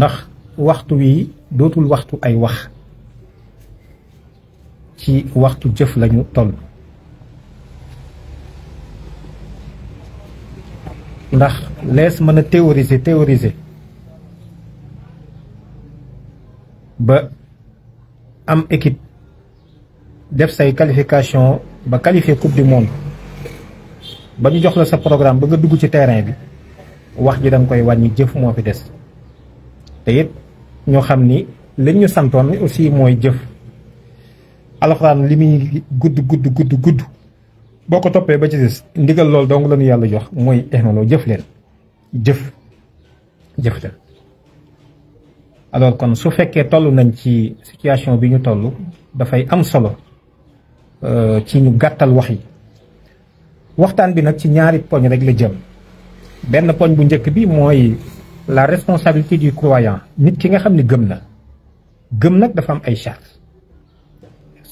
ndax waxtu wi dootul waxtu ay wax ci waxtu jëf lañu toll ndax lees mën a théoriser théoriser ba am équipe def say qualification ba qualifier coupe du monde ba ñu jox la sa programme ba nga dugg ci terrain bi wax ji danga koy wàññi jëf moo fi des te it ñoo xam ni lañ ñu santoon aussi mooy jëf alxuraan li muy gudd gudd gudd boo ko toppee ba ci des ndigal loolu dong la ñu yàlla jox mooy ixnaloo jëf leen jëf jëf leen alors kon su fekkee toll nañ ci situation bi ñu toll dafay am solo euh, ci ñu gàttal wax yi waxtaan bi nag ci ñaari poñ rek la jëm benn poñ bu njëkk bi mooy la responsabilité du croyant nit ki nga xamni gëm na gëm nak dafa am ay charge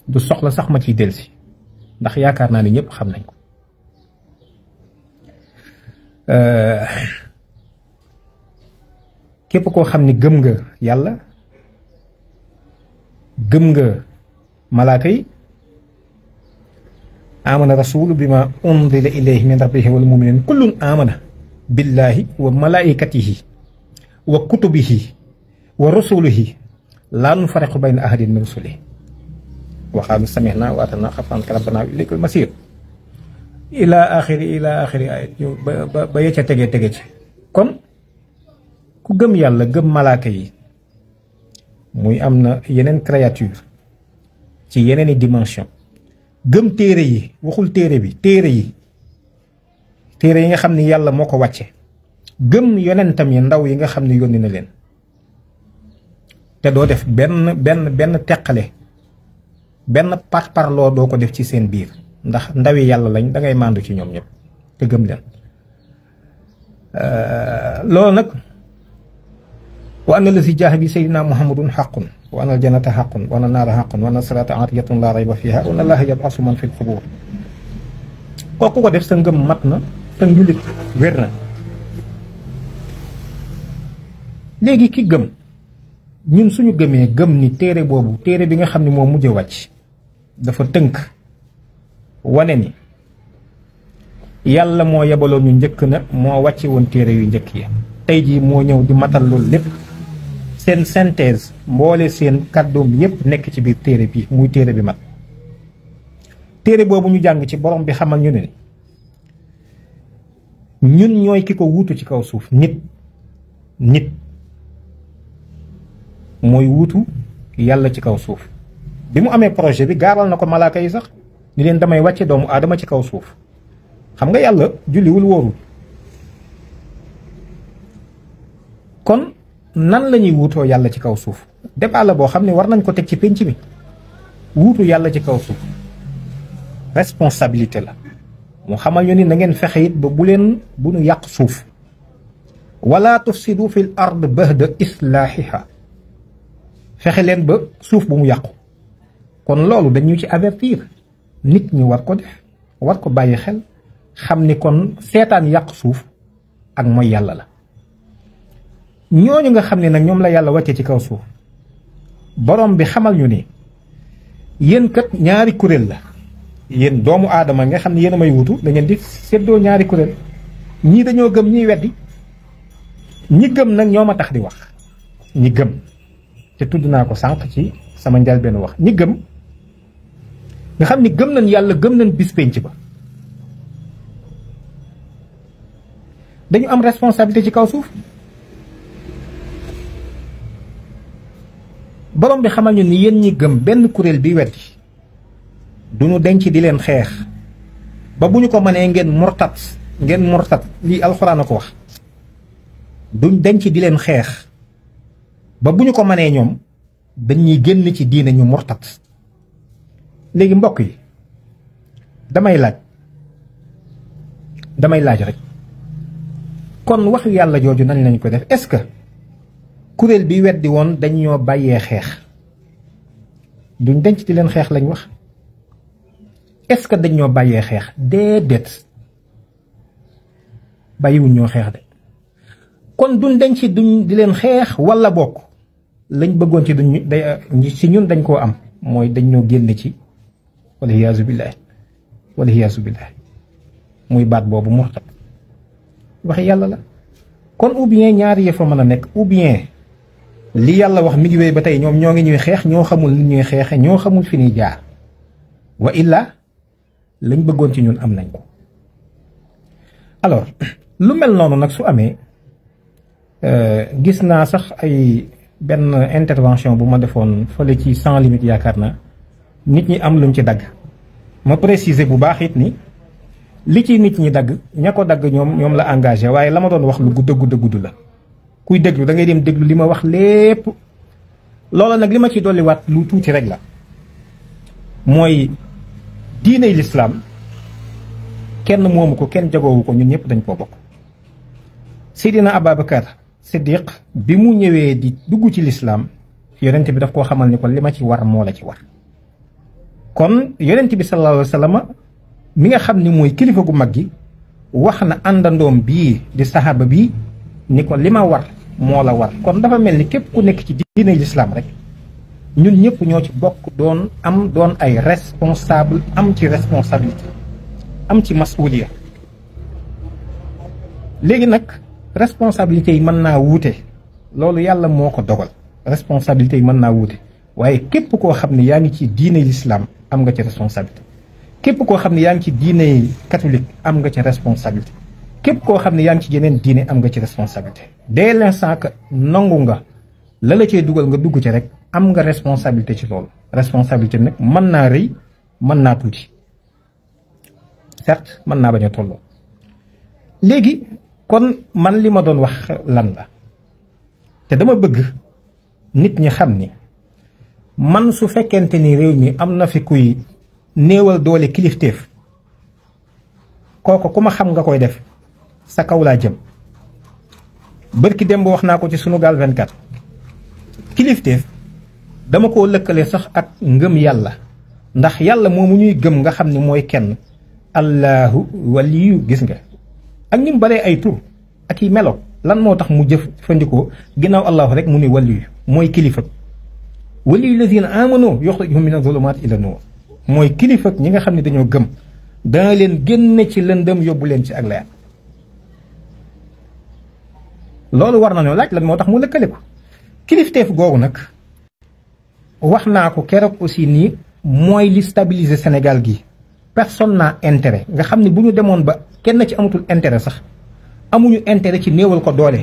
du soxla sax ma ci delsi ndax yaakar na ni ñepp xam nañ ko euh, képp ko xamni gëm nga yalla gëm nga malaaka yi amana rasul bima unzila ilayhi min rabbihi wal muminin kullun amana billahi wa malaikatihi wa kutubihi wa rusulihi laa nufariqu bayna ahadin min rusulihi waxaanu samihna wa atana xafaan rabbana ilaykum masir ila axiri ila axiri ayat yow ba ba yecca tege tege ci kon ku gëm yàlla gëm malaaka yi muy am na yeneen créature ci yeneen i dimension gëm téere yi waxul téere bi téere yi téere yi nga xam ni yàlla moo ko wàcce gëm yonentam yi ndaw yi nga xam ne yónni na leen te doo def benn benn benn teqale benn par loo doo ko def ci seen biir ndax ndawi yàlla lañ dangay màndu ci ñoom ñëpp te gëm leen euh, loolu nag wa anna la si jaax bi sayyidina muhammadun xaqun wa anna aljanata xaqun wa anna naara xaqun wa anna siraata aatiyatun laa rayba fiha wa anna allaha yabasu man fi kooku ko def sa ngëm mat na sa njulit wér na léegi ki gëm ñun suñu gëmee gëm ni téere boobu téere bi nga xam ne moo mujj wàcc dafa tënk wane ni yàlla moo yebaloon ñu njëkk na moo wàcce woon téere yu njëkk yi tey jii moo ñëw di matal loolu lépp seen synthèse mboole seen kàddoom yépp nekk ci biir téere bi muy téere bi mat téere boobu ñu jàng ci borom bi xamal ñu ne ñun ñooy ki ko wuutu ci kaw suuf nit nit moy wutu yàlla ci kaw suuf bi mu amee projet bi garal nako ko malaaka yi sax ni len damay wàcce doomu adama ci kaw suuf xam nga yàlla julli wul woru kon nan lañuy wuto yàlla ci kaw suuf débat la boo xam war nañ ko tek ci pénc bi wutu yàlla ci kaw suuf responsabilité la mu xamal ñu ni na ngeen fexe it ba bu len bu nu yàq suuf ولا تفسدوا في الأرض bahda إصلاحها fexe leen ba suuf bu mu yàqu kon loolu dañu ci avertir nit ñi war ko def war ko bàyyi xel xam ni kon seetaan yàq suuf ak mooy yàlla la ñooñu nga xam ne nag ñoom la yàlla wàcce ci kaw suuf borom bi xamal ñu ni yéen kat ñaari kuréel la yéen doomu aadama nga xam ne yéen a may wutu da ngeen di séddoo ñaari kuréel ñii dañoo gëm ñiy weddi ñi gëm nag ñoo ma tax di wax ñi gëm te tudd naa ko sànq ci sama njëlbéenu wax ñi gëm nga xam ni gëm nañ yàlla gëm nañ bis penc ba dañu am responsabilité ci kaw suuf borom bi xamal ñu ni yéen ñi gëm benn kuréel bi weddi du ñu denc di leen xeex ba bu ñu ko mënee ngeen mortat ngeen mortat lii alxuraan a ko wax duñ denc di leen xeex ba buñu ko mané ñom dañuy génn ci diine ñu murtad légui mbokk yi damay laaj damay laaj rek kon wax yàlla joju nañ lañ ko def est-ce que kurel bi weddi won dañ ñoo bayé xex duñ denc ci leen xex lañ wax est-ce que dañ ñoo bàyyee xeex déedéet bàyyiwuñ ñoo xex de kon duñ denc ci duñ di leen xex wala bokk lañ bëggoon ci duñ day ci ñun dañ koo am mooy dañ ñoo génn ci wala iyaasu billaah wala iyaasu billaah muy baat boobu mu murtad wax yàlla la kon ou bien ñaari yëf a mën a nekk ou bien li yàlla wax mi ngi wéy ba tey ñoom ñoo ngi ñuy xeex ñoo xamul ni ñuy xeexe ñoo xamul fi ñuy jaar wa illa lañ bëggoon ci ñun am nañ ko alors lu mel noonu nag su amee euh, gis naa sax ay benn intervention bu ma defoon fële ci sans limite yaakaar na nit ñi am luñ ci dagg ma préciser bu baax it ni li ci nit ñi dagg ña ko dagg ñoom ñoom la engagé waaye la ma doon wax lu gudd gudd guddu la kuy déglu da ngay dem déglu li ma wax lépp loola nag li ma ci dolliwaat lu tuuti rek la mooy diiney lislaam kenn moomu ko kenn jagoowu ko ñun ñëpp dañ koo bokk Seydina Ababacar siddiq bi mu ñëwee di dugg ci lislaam yonent bi daf koo xamal ni ko li ma ci war moo la ci war kon yonent bi sallallahu alayhi wa mi nga xam ni mooy kilifa gu mag gi wax na àndandoom bii di saxaaba bi ni ko li ma war moo la war kon dafa mel ni képp ku nekk ci diine lislaam rek ñun ñëpp ñoo ci bokk doon am doon ay responsable am ci responsabilité am ci masuuliya léegi nag responsabilité yi mën naa wuute loolu yàlla moo ko dogal responsabilité yi mën naa wuute waaye képp koo xam ne yaa ngi ci diine lislaam am nga ci responsabilité képp koo xam ne yaa ngi ci diine catholique am nga ci responsabilité képp koo xam ne yaa ngi ci yeneen diine am nga ci responsabilité dès l'instant que nangu nga la la cee dugal nga dugg ci rek am nga responsabilité ci loolu responsabilité nag mën naa rëy mën naa tuuti certes mën naa bañ a tolloo léegi kon man li ma doon wax lan la te dama bëgg nit ñi xam ni man su fekkente ni réew mi am na fi kuy néewal doole kilifteef kooku ku ma xam nga koy def sa kaw laa jëm barki dem ba wax naa ko ci sunu Sunugal 24 kilifteef dama koo lëkkale sax ak ngëm yàlla ndax yàlla moomu ñuy gëm nga xam ni mooy kenn allahu waliyu gis nga ak nim mu ay tour ak yi melo lan moo tax mu jëf fandikoo ginaaw allah rek mu ni wali moy kilifa wali lazina amano yukhrijuhum min adh-dhulumati ila an-nur moy kilifa ñi nga xamni ne dañoo gëm nga leen genn ci lëndëm yóbbu leen ci ak leer lolu war nañu laaj lan moo tax mu lëkkale ko kilifteef googu nag wax naa ko aussi ni moy li stabiliser Sénégal gi personne naa intéret nga xam ne bu ñu demoon ba kenn ci amatul intérêt sax amuñu intéret ci néewal ko doole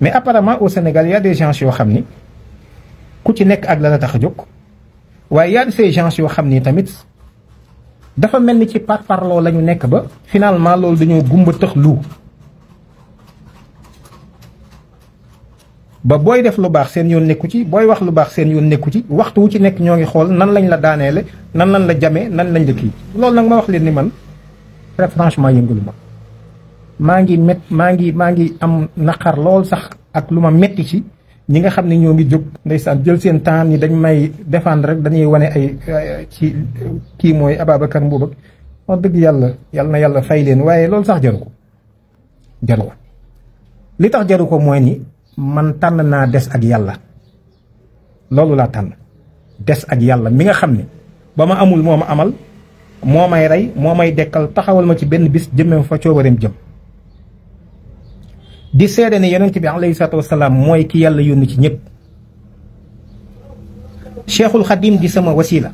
mais apparemment au Sénégal y a des gens yoo xam ni ku ci nekk ak la la tax a jóg waaye y a ces yoo xam nii tamit dafa mel ni ci parparloo la ñu nekk ba finalement loolu dañoo gumba tëx lu ba booy def lu baax seen yoon nekku ci booy wax lu baax seen yoon nekku ci waxtu wu ci nekk ñoo ngi xool nan lañ la daaneele nan lañ la jamee nan lañ la kii loolu nag ma wax leen ni man très franchement yëngalu ma maa ngi met maa ngi maa ngi am naqar lool sax ak lu ma metti ci ñi nga xam ne ñoo ngi jóg ndeysaan jël seen temps ni dañ may défendre rek dañuy wane ay ci kii mooy Ababacar Mbuub ak wax dëgg yàlla yàlla na yàlla fay leen waaye loolu sax jaru ko jaru tax jaru ko mooy man tànn naa des ak yàlla loolu laa tànn des ak yàlla mi nga xam ni ba ma amul moo ma amal moo may rey moo may dekkal taxawal ma ci benn bis jëmee fa coobareem jëm di seede ne yonent bi alayhi salaatu wasalaam mooy kii yàlla yónni ci ñëpp cheikhul xadim di sama wasila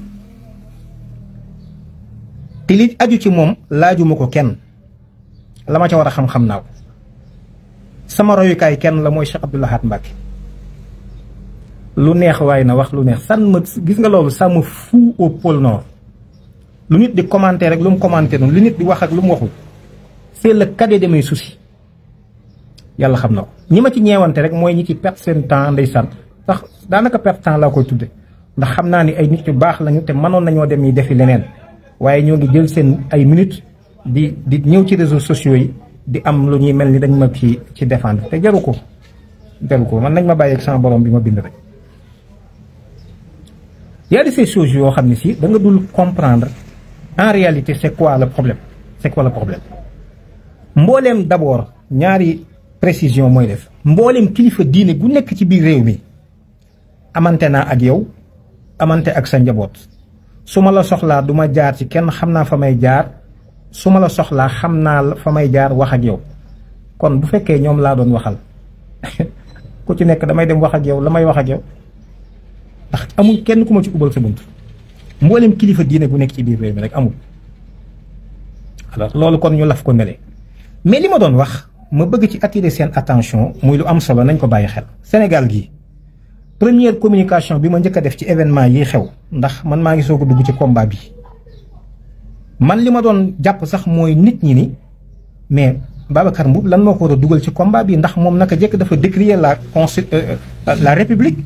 te li aju ci moom laajuma ko kenn la ma ca war a xam-xam naa ko sama royukaay kenn la mooy Cheikh Abdoul Ahad lu neex waaye na wax lu neex san ma gis nga loolu ça me fout au nord lu nit di commenter rek lu mu commenter noonu lu nit di wax ak lu mu waxul c'est le cadet de mes yàlla xam na ko ñi ma ci ñeewante rek mooy ñi ci perte seen temps nday ndeysaan sax daanaka perte temps laa koy tudde ndax xam naa ni ay nit yu baax lañu te mënoon nañoo dem yi defi leneen waaye ñoo ngi jël seen ay minutes di di ñëw ci réseaux sociaux yi di am lu ñuy mel ni dañ ma ci ci défendre te jaru ko jaru ko man nañ ma bàyyeeg sama borom bi ma bind rek. y a de choses yoo xam ne si da nga dul comprendre en réalité c'est quoi le problème c'est quoi le problème mbooleem d'abord ñaari précision mooy def mbooleem kilifa diine gu nekk ci biir réew mi amante naa ak yow amante ak sa njaboot su ma la soxlaa du ma jaar ci kenn xam naa fa may jaar su ma la soxlaa xam naa la fa may jaar wax ak yow kon bu fekkee ñoom laa doon waxal ku ci nekk damay dem wax ak yow la may wax ak yow ndax amul kenn ku ma ci ubal sa bunt mboolem kilifa diine gu nekk ci biir réew bi rek amul alors loolu kon ñu laf ko nele mais li ma doon wax ma bëgg ci attirer seen attention muy lu am solo nañ ko bàyyi xel Sénégal gi première communication bi ma njëkk def ci événement yi xew ndax man maa ngi soog a dugg ci combat bi man li ma doon japp sax moy nit ñi ni mais Babacar Mboup lan moko do war ci combat bi ndax mom naka jekk dafa décrier la euh, euh, la république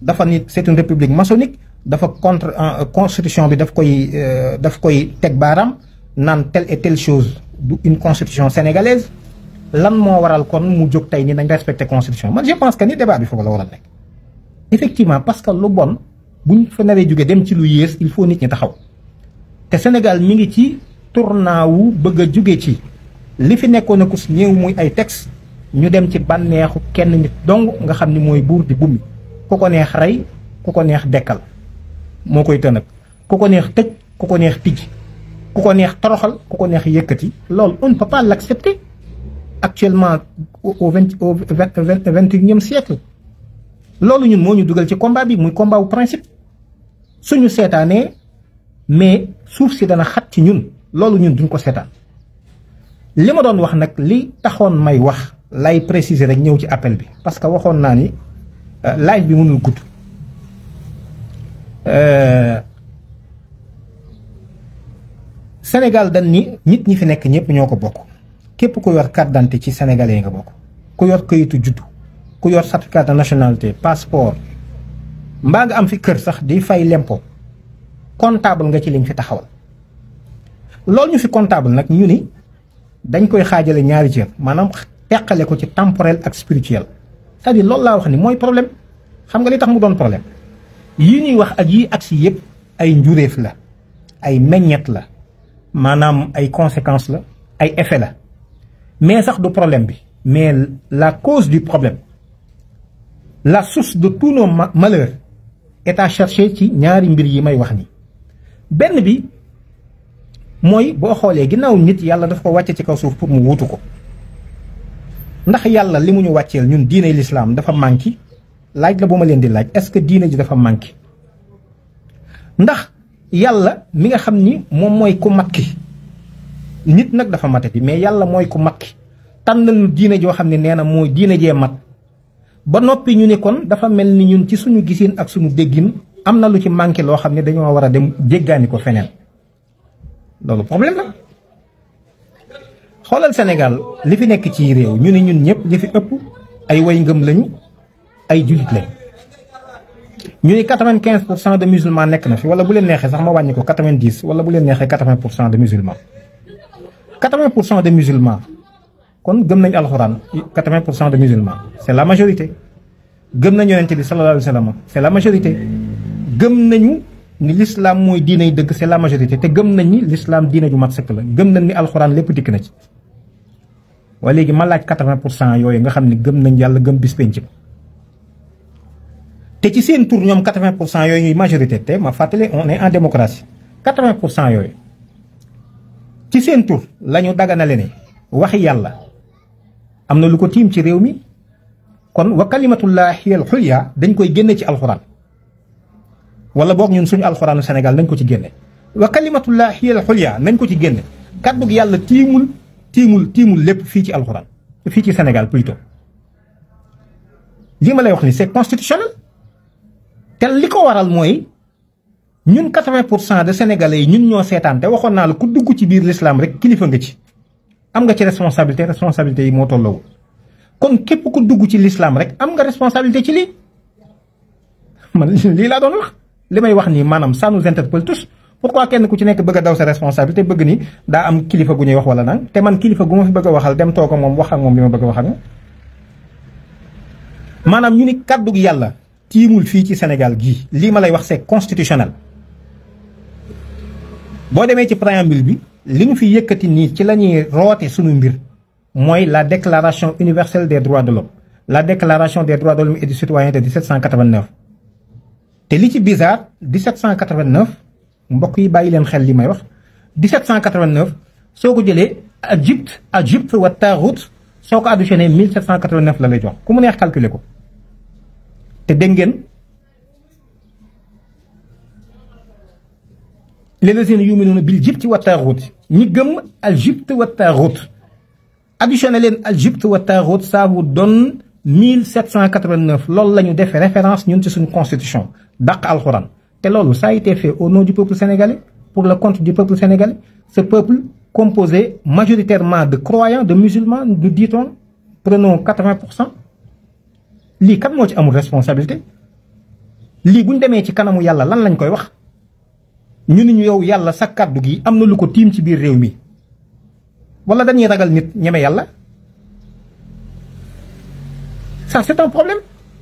dafa ni c'est une république maçonnique dafa contre euh, constitution bi daf koy daf koy tek baram, nan telle et telle chose du une constitution sénégalaise lan mo waral kon mu jog tay ni nañ respecté constitution man je pense que ni débat bi foofu la war nek effectivement parce que lu bon buñ fa naree jugé dem ci lu yées il faut nit ñi taxaw te Sénégal mi ngi ci tournant wu bëgg a ci li fi nekkone ak ñew muy ay texte ñu dem ci bànneexu kenn nit dong nga xamni moy bour di bumi ku ko neex ray ku ko neex dekkal mo koy tënag ku ko neex tej ku ko neex tij ku ko neex toroxal ku ko neex yëkkati lool on peut pas l'accepter actuellement au 20 au vingt siècle loolu ñun moñu duggal ci combat bi muy combat au principe suñu sétané mais suuf si dana xat ci ñun loolu ñun duñ ko seetaan li ma doon wax nag li taxoon may wax lay préciser rek ñëw ci appel bi parce que waxoon naa ni euh, live bi mënul gudd euh, Sénégal dañ ni nit ñi fi nekk ñëpp ñoo ko bokk képp ku yor carte d'identité ci sénégalais nga bokk ku yor kayitu juddu ku yor certificat nationalité passeport mbaa nga am fi kër sax di fay lempo comptable nga ci liñ fi taxawal lool ñu fi comptable nak ñu ni dañ koy xaajale ñaari cër manam teqale ko ci temporel ak spirituel c'est-à-dire loolu laa wax ni moy problème xam nga li tax mu doon problème yi ñuy wax ak yi aksi yépp ay njuréef la ay meññet la manam ay conséquences la ay effet la mais sax du problème bi mais la cause du problème la source de tous nos malheurs est à chercher ci ñaari mbir yi may wax ni benn bi mooy boo xoolee ginnaaw nit yàlla daf ko wàcce ci kaw suuf pour mu wuutu ko ndax yàlla li mu ñu wàcceel ñun diine lislaam dafa manqué laaj la bu ma leen di laaj est-ce que diine ji dafa manqué ndax yàlla mi nga xam ni moom mooy ku mat ki nit nag dafa matati mais yàlla mooy ku mat ki tànnal ñu diine joo xam ne nee na mooy diine jee mat ba noppi ñu ne kon dafa mel ni ñun ci suñu gisin ak suñu déggin Il y lu ci manqué qui xamné wara dem problème la xolal Sénégal li fi nek ci réew ñu ñun ñëpp li fi ëpp ay way ngëm lañu ay ñu de musulmans nek na fi wala bu leen nexé sax ma ko wala bu de musulmans 80% de musulmans kon gëm nañ de musulmans c'est la majorité gëm nañ bi sallallahu c'est la majorité gëm nañu ni l'islam mooy diine yi dëgg c'est la majorité te gëm nañ ni lislaam diine ju mat sëkk la gëm nañ ni alxuraan lépp dikk na ci waaye léegi ma laaj quatre pour cent yooyu nga xam ne gëm nañ yàlla gëm bis penc te ci seen tour ñoom quatre pour cent yooyu ñuy majorité te ma fàttali on est en démocratie quatre-vingt pour cent yooyu ci seen tour la ñu daganale ne waxi yàlla am na lu ko tiim ci réew mi kon wa kalimatullahi al xulya dañ koy génne ci alxuraan wala bok ñun suñu alcorane senegal nañ ko ci génne wa kalimatullah hiya al-ulya nañ ko ci génne kàddug yalla timul timul timul lepp fi ci alcorane fi ci senegal plutôt li ma lay wax ni c'est constitutionnel te li ko waral moy ñun 80 de sénégalais ñun ñoo seetaan te waxoon naa la ku dugg ci biir l'islam rek kilifa nga ci am nga ci responsabilité responsabilité yi mo tolloo kon képp ku dugg ci l'islam rek am nga responsabilité ci li man li la doon wax li wax ça nous interpelle tous pourquoi kenn ku ci nek bëgg sa responsabilité ni da am kilifa gu wax wala nang man fi waxal dem wax ak ñu ni ci Sénégal ma lay wax c'est constitutionnel bo démé ci préambule bi li fi ci la suñu la déclaration universelle des droits de l'homme la déclaration des droits de l'homme et du citoyen de 1789 te li ci bizarre 1789 mbokk yi bàyyi leen xel li may wax 1789 soo ko jëlee Égypte Égypte wa taaxut soo ko additionné 1789 la lay jox ku mu neex calculer ko te dégg ngeen lillazina yu'minuna bil jibti wa taaxut ñi gëm Égypte wa taaxut additionné leen Égypte wa taaxut ça vous donne 1789 loolu la ñu référence, référence ñun ci une constitution dàq alxuraan té loolu ça a été fait au nom du peuple sénégalais pour le compte du peuple sénégalais ce peuple composé majoritairement de croyants de musulmans de dit-on prenons 80 li cent mo ci amul responsabilité li bu démé ci kanamu yalla lan lañ koy wax ñu ni ñu yow yalla sa kàddu gi amna na lu ko tiim ci biir réew mi wala dañuy ragal nit yalla ça c'est un problème.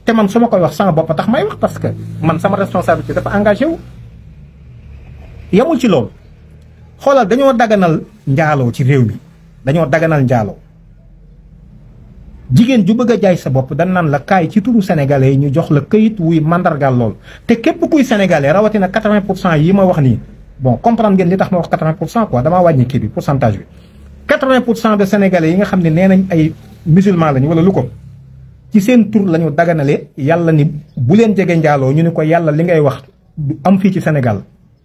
té man suma koy wax sama bop tax may wax parce que man sama responsabilité dafa engagé wu yamul ci lool xolal dañoo daganal njaaloo ci réew mi dañoo daganal njaaloo jigen ju bëgg jaay sa bop dañ nan la kay ci turu sénégalais ñu jox la keuyit wuy mandargal lool té képp kuy sénégalais na 80 pour yi ma wax ni bon comprendre ngeen li tax ma wax 80 pour quoi dama wañi ki bi pourcentage bi 80 pour de sénégalais yi nga xamni nenañ ay musulman lañu wala lu ko ci seen tur la ñu daganale yàlla ni bu leen jege njaaloo ñu ni ko yàlla li ngay wax du am fii ci Sénégal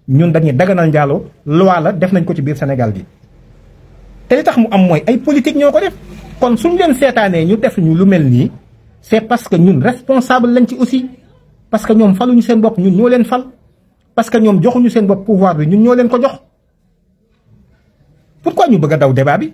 ñun dañuy daganal njaaloo loi la def nañ ko ci biir Sénégal bi te li tax mu am mooy ay politique ñoo ko def kon suñu leen seetaanee ñu def ñu lu mel nii c'est parce que ñun responsable lañ ci aussi parce que ñoom faluñu seen bopp ñun ñoo leen fal parce que ñoom joxuñu seen bopp pouvoir bi ñun ñoo leen ko jox pour pourquoi ñu bëgg a daw debaa bi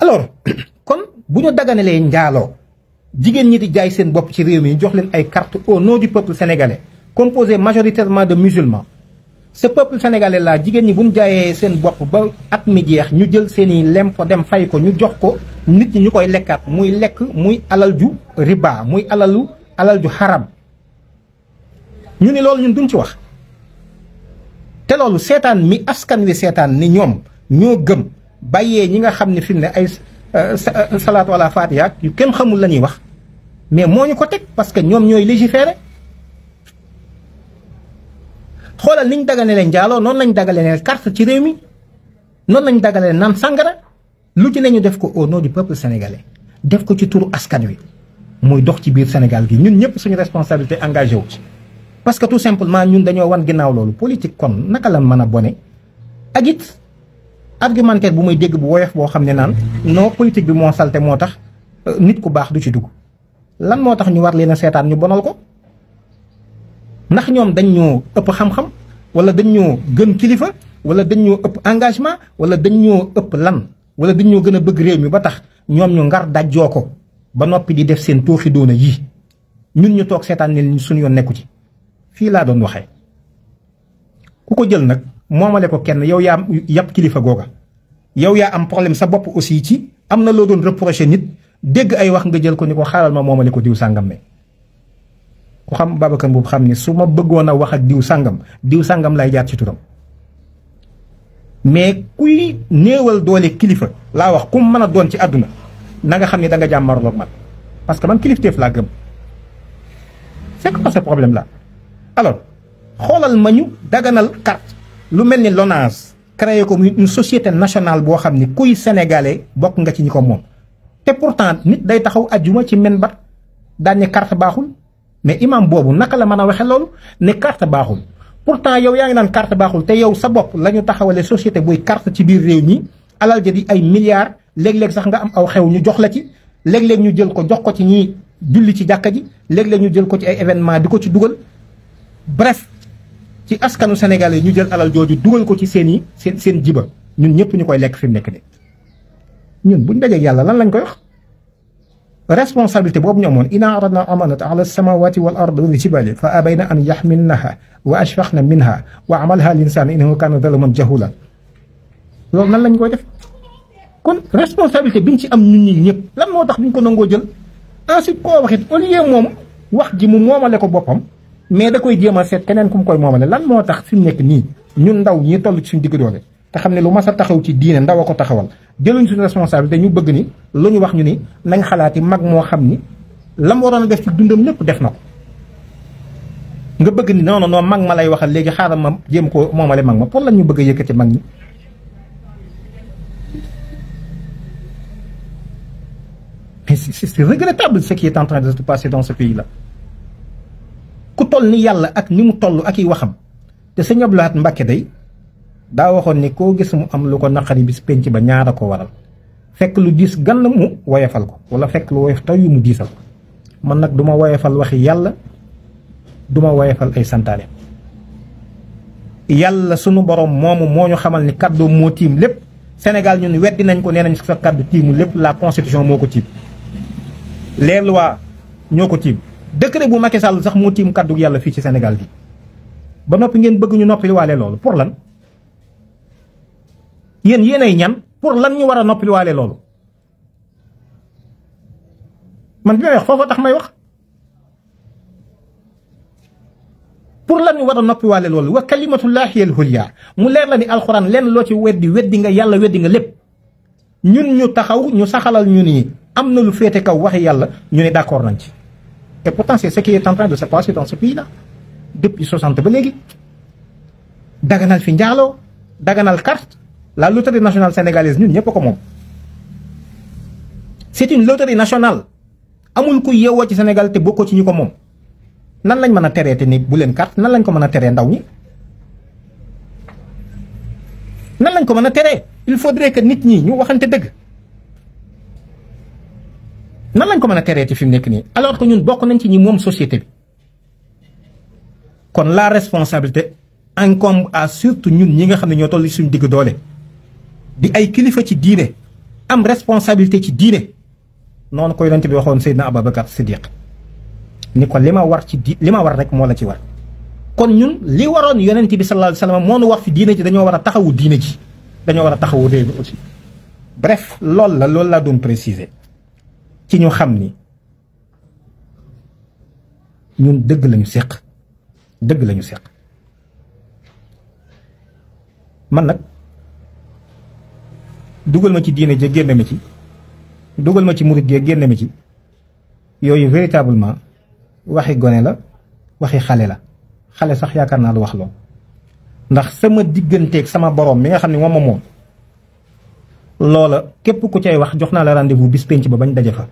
alors comme buñu ñu les ñi di jaay seen bop ci réew mi jox leen ay carte au nom du peuple sénégalais composé majoritairement de musulmans ce peuple sénégalais là jigen ñi buñu ñu seen bop ba at mi jeex ñu jël seen dem fay ko ñu jox ko nit ñi ñukoy muy muy riba muy alalu alal ju ñu ni lool ñun duñ ci wax mi askan wi ni ñom ñoo bayé ñi nga fi ay wala euh, euh, fatiha yu kenn xamul lañuy wax mais parce que ñom ñoy légiférer xolal niñ dagale len non lañ carte ci réew mi non lañ nan sangara lu ci ne def ko au nom du peuple sénégalais def ko ci askan dox ci Sénégal gi responsabilité engagé parce que tout simplement ñun dañoo wan politique kon naka la a argumentaire bu may dégg bu woyof boo xam ne naan non politique bi moo salte moo tax euh, nit ku baax du ci dugg lan moo tax ñu war leen a seetaan ñu bonal ko ndax ñoom dañ ëpp xam-xam wala dañ gën kilifa wala dañ ëpp engagement wala dañ ëpp lan wala dañ gën a bëgg réew mi ba tax ñoom ñu ngar dajjoo ko ba noppi di def seen tooxi doona yii ñun ñu toog seetaan ne suñu yoon nekku ci fii laa doon waxee ku ko jël nag. moom moomale ko kenn yow yaa yàpp kilifa googa yow yaa am problème sa bopp aussi ci am na loo doon reproché nit dégg ay wax nga jël ko ni ko xaaral ma moomale ko diw sàngam ne ku xam Babacar Mbuub xam ni su ma bëggoon a wax ak diw sàngam diw sàngam lay jaar ci turam mais kuy néewal doole kilifa laa wax ku mën a doon ci àdduna na nga xam ni da nga jàmmarloog man parce que man kilifteef laa gëm c'est quoi ce problème là alors xoolal ma ñu daganal lu melni l'onage créé comme une société nationale bo xamni kuy sénégalais bok nga ci ñi ko moom te pourtant nit day taxaw aljuma ci menbat dañ daan carte baxul mais imam bobu naka la mën waxé waxe né carte baxul pourtant yow yaa ngi naan carte baxul té yow sa bop lañu taxawalé société boy carte ci bir réew ñi alal ja di ay milliards léeg-léeg sax nga am aw xew ñu jox la ci léeg-léeg ñu jël ko jox ko ci ñi julli ci jàkka ji léeg-léeg ñu jël ko ci ay événement di ko ci duggal bref ci askanu sénégalais ñu jël alal jooju dugal ko ci seen i seen jiba ñun ñëpp ñu koy lekk fi mu nekk ni ñun buñ dajeeg yàlla lan lañ koy wax responsabilité ina aradna amanat ala samawati wal ard wal jibali fa abayna an yaxmilnaha wa ashfaqna minha wa amalha al insana innahu kana zalaman jahula loolu nan lañ koy def kon responsabilité biñ ci am ñun ñi ñëpp lan moo tax duñ ko nangoo jël ensuite waxit au lieu wax ji mu ko mais da koy jéem a seet keneen ku mu koy moomale lan moo tax fi mu nekk nii ñu ndaw ñi toll ci suñu digg doole te xam ne lu mas a taxaw ci diine ndaw a ko taxawal jëluñ suñu responsabilité dañu bëgg nii lu ñu wax ñu ni nañ xalaati mag moo xam ni lam waroon a def ci dundam lépp def na ko nga bëgg ni non non mag ma lay waxal léegi xaaral ma jéem ko moomale mag ma pour lan ñu bëgg a yëkkati mag ñi. mais c'est regrettable ce qui est de se passer dans ce pays-là. tol ni yalla ak ni mu toll ak i waxam te sëñ Abdou Lahad Mbacke day da waxon ni ko gis mu am lu ko bis penc ba ñaara ko waral fek lu diis gan mu wayefal ko wala fek lu wayef tay mu disal ko man nak duma wayefal waxi yalla duma wayefal ay santale yalla sunu borom momu moñu xamal ni kaddu mo tim lepp senegal ñun weddi nañ ko nenañ sa kaddu tim lepp la constitution moko ko les lois ñoko tim décret bu Macky Sall sax moo tiim kàddu yàlla fii ci Sénégal bi ba noppi ngeen bëgg ñu noppiliwaale loolu pour lan yéen ay ñan pour lan ñu war a noppiliwaale loolu man bi may wax may wax pour lan ñu war a noppiwaale loolu wa kalimatullahi al hulya mu leer la ni alxuraan lenn loo ci weddi weddi nga yàlla weddi nga lépp ñun ñu taxaw ñu saxalal ñu ni am na lu féete kaw waxi yàlla ñu ne d'accord nañ ci Et pourtant, c'est ce qui est en train de se passer dans ce pays-là, depuis 60 ba daganal fi daganal carte la loterie nationale sénégalaise ñun ñëpp a ko c'est une loterie nationale amul ku yeewoo ci Sénégal te boko ci ñu ko nan lañ mën a te ni bu leen carte nan lañ ko mën ndaw ñi. nan lañ ko il faudrait que nit nous ñu waxante deg nan lañ ko mëna téré ci fim nek ni alors que ñun bokk nañ ci ñi moom société bi kon la responsabilité incombe à surtout ñun ñi nga xamni ñoo toll suñu digg doole di ay kilifa ci diiné am responsabilité ci diiné non ko yonent bi waxoon Seydina Ababacar Siddiq ni ko lima war ci lima war rek mo la ci war kon ñun li waron yonent bi sallallahu alayhi wasallam sallam nu wax fi diiné ji dañoo wara taxawu diiné ji dañoo wara taxawu réew mi aussi bref lool la lool la doon préciser. ci ñu xam ni ñun dëgg lañu séq dëgg lañu séq man nag dugal ma ci diine ja génne ma ci dugal ma ci murit ja génne ma ci yooyu véritablement waxi gone la waxi xale la xale sax yaakaar naa du wax lool ndax sama digganteeg sama borom mi nga xam ne moom moom lola képp ku cey wax joxna la rendez-vous bis penc ba bañ dajé fa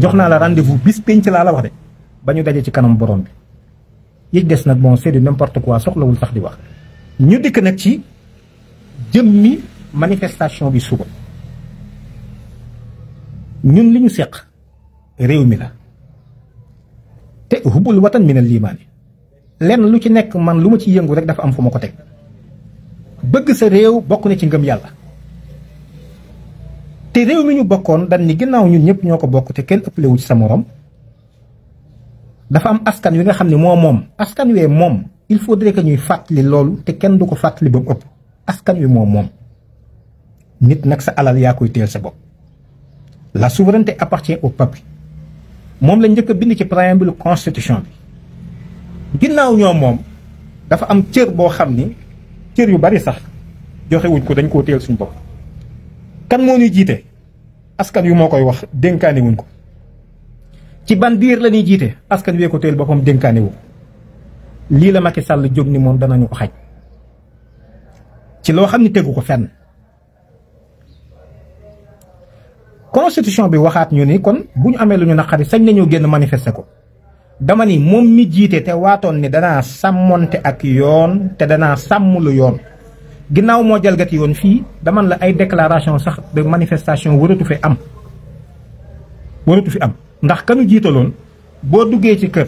joxna la rendez-vous bis penc la la wax dé bañu dajé ci kanam borom bi yëj dess nak bon c'est de n'importe quoi soxlawul sax di wax ñu dik nak ci jëmmi manifestation bi suba ñun liñu réew mi la té hubul watan al iman lenn lu ci nek man lu ma ci yëngu rek dafa am fu mako tek bëgg sa réew bokk na ci ngëm yàlla te réew mi ñu bokkoon dañ ni ginnaaw ñun ñëpp ñoo ko bokk te kenn ëppale wu ci sa morom dafa am askan wi nga xam ne moo moom askan wee moom il faudrait que ñuy fàttali loolu te kenn du ko fàttali ba mu ëpp askan wi moo moom nit nag sa alal yaa koy teel sa bopp la souveraineté appartient au peuple moom la njëkk a bind ci préambule constitution bi ginnaaw ñoo moom dafa am cër boo xam ni cër yu bari sax joxewuñ ko dañ koo téyel suñu bopp kan moo ñuy jiite askan yu moo koy wax dénkaane wuñ ko ci ban diir la ñuy jiite askan wee ko téyel boppam dénkaane wu lii la Macky Sall jóg ni moom danañu ko xaj ci loo xam ne tegu ko fenn constitution bi waxaat ñu ni kon bu ñu amee lu ñu naqari sañ nañu génn manifester ko dama ni moom mi jiite te waatoon ni danaa sàmmoonte ak yoon te danaa sàmm lu yoon ginnaaw moo jalgati yoon fii dama la ay déclaration sax da manifestation waratu fi am waratu fi am ndax kanu jiitaloon boo duggee ci kër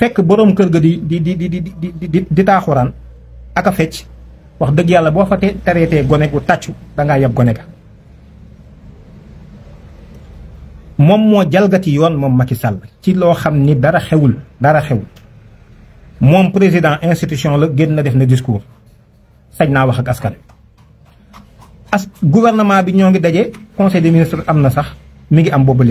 fekk boroom kër ga di di di di di di taaxuraan ak a fecc wax dëgg yàlla boo fa te gone gu tàccu dangaa yab gone ga mom mo jalgati yoon mom Macky Sall ci lo xamni dara xewul dara xewul mom président institution la génn na def na discours sañ na wax ak askan as gouvernement bi ñongi d'ajé. conseil des ministres amna sax mi ngi am boobu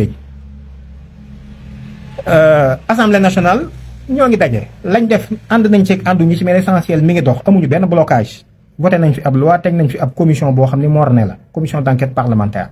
euh assemblée nationale ñongi dajé lañ def and nañ ceeg ñu ci mais essentiel mi ngi dox amuñu ben blocage voté nañ fi ab loi tek nañ fi ab commission bo xamni mor la commission d'enquête parlementaire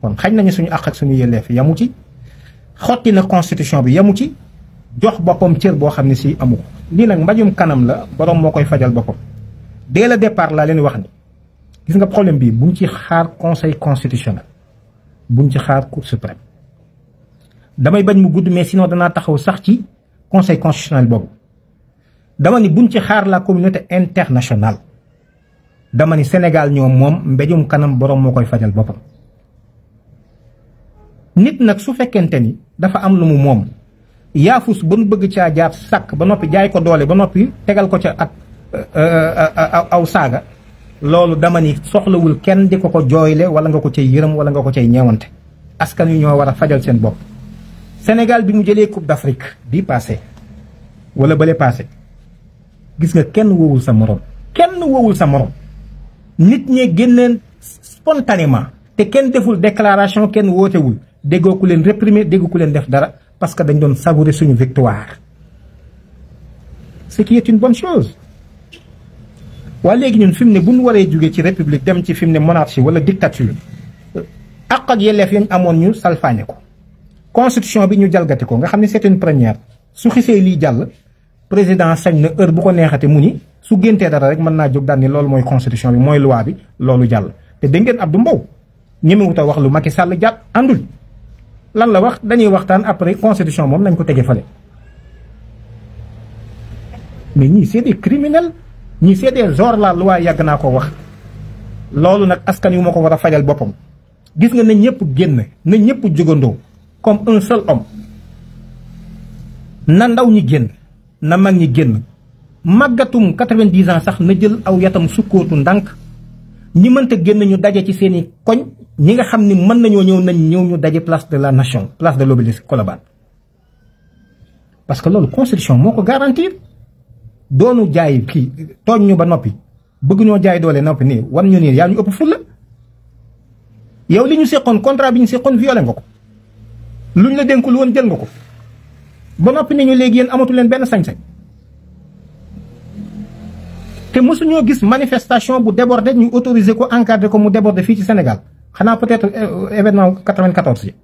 kon xañ nañu suñu àq ak suñu yelleef yamu ci xotti na constitution bi yamu ci jox boppam cër boo xam ne si amu ko lii nag mbajum kanam la borom moo koy fajal boppam dès le départ laa leen wax ni gis nga problème bi buñ ci xaar conseil constitutionnel buñ ci xaar cour suprême damay bañ mu gudd mais sinon danaa taxaw sax ci conseil constitutionnel boobu dama ni buñ ci xaar la communauté internationale dama ni Sénégal ñoom moom mbéjum kanam borom moo koy fajal boppam nit nag su fekkente ni dafa am lu mu moom yaafus ba nu bëgg caa jaar sàkk ba noppi jaay ko doole ba noppi tegal ko ca ak euh, euh, euh, aw saaga loolu dama ni soxlawul kenn di ko ko jooyle wala nga ko cay yërëm wala nga ko cay ñeewante askan wi ñoo war a fajal seen bopp Sénégal bi mu jëlee Coupe d'Afrique bi passé wala bële passé gis nga kenn wowul sa moroom kenn wowul sa morom nit ñee génneen spontanément te kenn deful déclaration kenn wootewul déggoo ku leen réprimer déggoo ku leen def dara parce que dañ doon savourer suñu victoire ce qui est une bonne chose waa léegi ñun fi mu ne bu ñu waree ci république dem ci fi mu ne monarchie wala dictature ak ak yelleef yañ amoon ñu salfaañe ko constitution bi ñu jalgati ko nga xam c'est une première su xisee lii jàll président sañ na heure bu ko neexate mu ni su géntee dara rek mën naa jóg daal ni loolu mooy constitution bi mooy loi bi loolu jàll te dégg ngeen Abdou Mbow ñemewut a wax lu Macky Sall jàpp andul lan la wax dañuy waxtaan après constitution moom nañ ko tege fale mais ñii c'est des criminels ñii c'est des hors la loi yàgg naa ko wax loolu nag askan yu ma ko war a fajal boppam gis nga na ñëpp génn na ñëpp jógandoo comme un seul homme na ndaw ñi génn na mag ñi génn màggatum quatre-vingt-dix ans sax na jël aw yatam sukkootu ndànk ñi mënta génn ñu daje ci seen koñ ñi nga xam ni mën nañoo ñëw nañ ñëw ñu daje place de la nation place de l'obélisque Colobane parce que loolu constitution moo ko garantir doonu jaay kii tooñ ñu ba noppi bëgg ñoo jaay doole noppi nii war ñu nii yaa ñu ëpp fulla yow li ñu seqoon contrat bi ñu seqoon violé nga ko luñ la dénkul woon jël nga ko ba noppi ni ñu léegi yéen amatu leen benn sañ-sañ te mosuñoo gis manifestation bu débordé ñu autorisé ko encadré ko mu débordé fii ci senegal xanaa peut-être euh, euh, événement 94 yi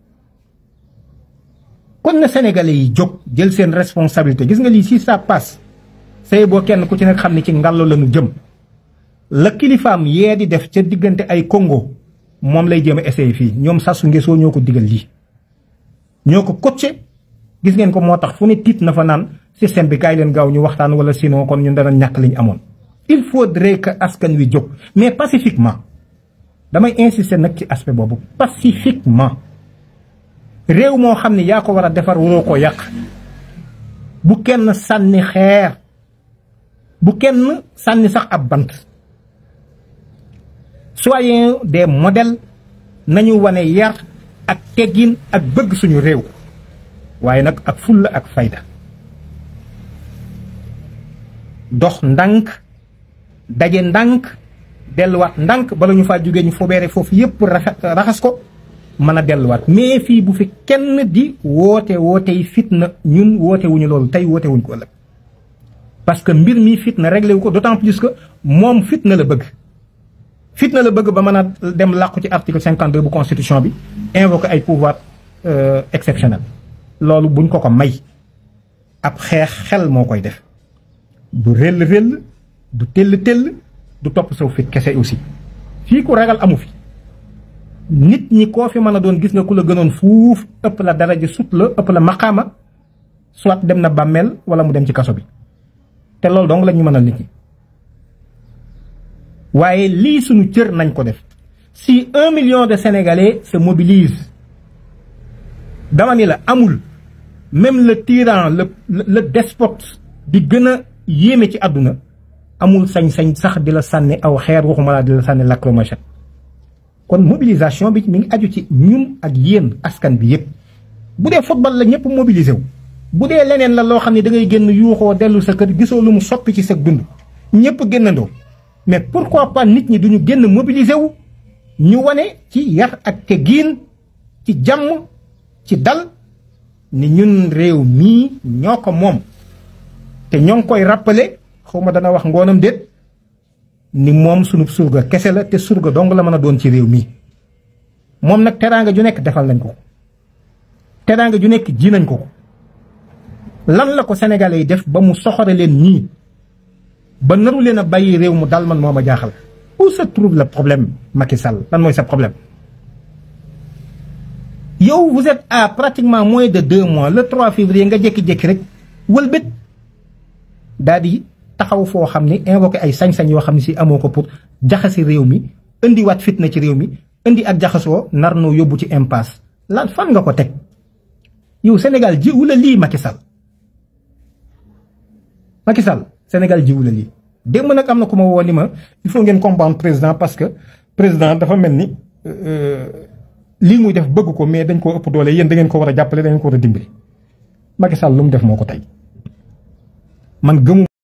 kon na Sénégalais yi jóg jël seen responsabilité gis nga lii si ça passe say boo kenn ku ci nekk xam ne ci ngàllo lañu jëm la kilifaam yee di def ca diggante ay kongo moom lay jéem a essayé fii ñoom sasu ngesoo ñoo ko digal lii ñoo ko coaché gis ngeen ko moo tax fu ne tiit na fa naan système bi kaay leen gaaw ñu waxtaan wala sinon kon ñun dana ñàkk liñ amoon il faudrait que askan wi jóg mais pacifiquement damay insister nag ci aspect boobu pacifiquement réew moo xam ne yaa ko war a defar waroo ko yàq bu kenn sànni xeer bu kenn sànni sax ab bant soyons des modèles nañu wane yar ak teggin ak bëgg suñu réew waaye nag ak fulla ak fayda dox ndànk daje ndànk delluwaat ndank bala ñu faa jógee ñu fobeere foofu yëpp rafet raxas ko mëna a delluwaat mais fi bu fi kenn di woté woté fitna ñun woté wuñu lool tay woté wuñ ko ëllëg parce que mbir mi fitna réglé wu ko d'autant plus que mom fitna la bëgg fitna la bëgg ba mën dem laq ci article 52 bu constitution bi invoquer ay pouvoir euh, exceptionnel loolu buñ ko ko may ab xeex xel moo koy def du rëll rëll du tel tel du top saw fit c'est aussi fi ko ragal amu fi nit ñi ko fi doon gis nga kula la fuuf ëpp la daraja sut la ëpp la maqaama soit dem na wala mu dem ci kasso bi te dong lañu nit suñu nañ si un million de sénégalais se mobilisent dama ni la amul même le tyran le le despote di gën yéme ci aduna amul sañ-sañ sax di la sànni aw xeer waxuma laa di la sànni lacrymogène kon mobilisation bi mi ngi aju ci ñun ak yéen askan bi yëpp bu dee football la ñëpp mobilisé wu bu dee leneen la loo xam ne da ngay génn yuuxoo dellu sa kër gisoo lu mu soppi ci sa dund ñëpp génnandoo mais pourquoi pas nit ñi duñu génn mobilisé wu ñu wane ci yar ak tegiin ci jàmm ci dal ni ñun réew mii ñoo ko moom te ñoo ngi koy rappelé xaw dana wax ngoonam det ni mom sunu surga kese la te surga dong la mën don ci rew mi mom nak teranga ju nek defal nañ ko teranga ju nek ji nañ ko lan la ko sénégalais def ba mu soxore len ni ba naru len a bàyyi réew mu dal man moma jaxal où se trouve le problème Macky Sall lan moy sa problème yow vous êtes à pratiquement moins de deux mois le 3 février nga jékki-jékki rek wëlbét daa di taxaw fo xamni invoquer ay sañ-sañ yo xamni ci si pour jaxasi rew mi indi wat fitna ci rew mi indi ak jaxaso narno noo ci impasse lan fan nga ko tek yow senegal jiwu la lii Macky Sall Macky Sall senegal jiwu la lii dem nak amna kuma ku ma il faut ngeen comprendre président parce que président dafa melni euh, euh li muy def bëgg ko mais dañ ko ëpp doole yeen da ngeen ko wara a da ngeen ko wara dimbali Macky Sall lu def moko tay man gëmu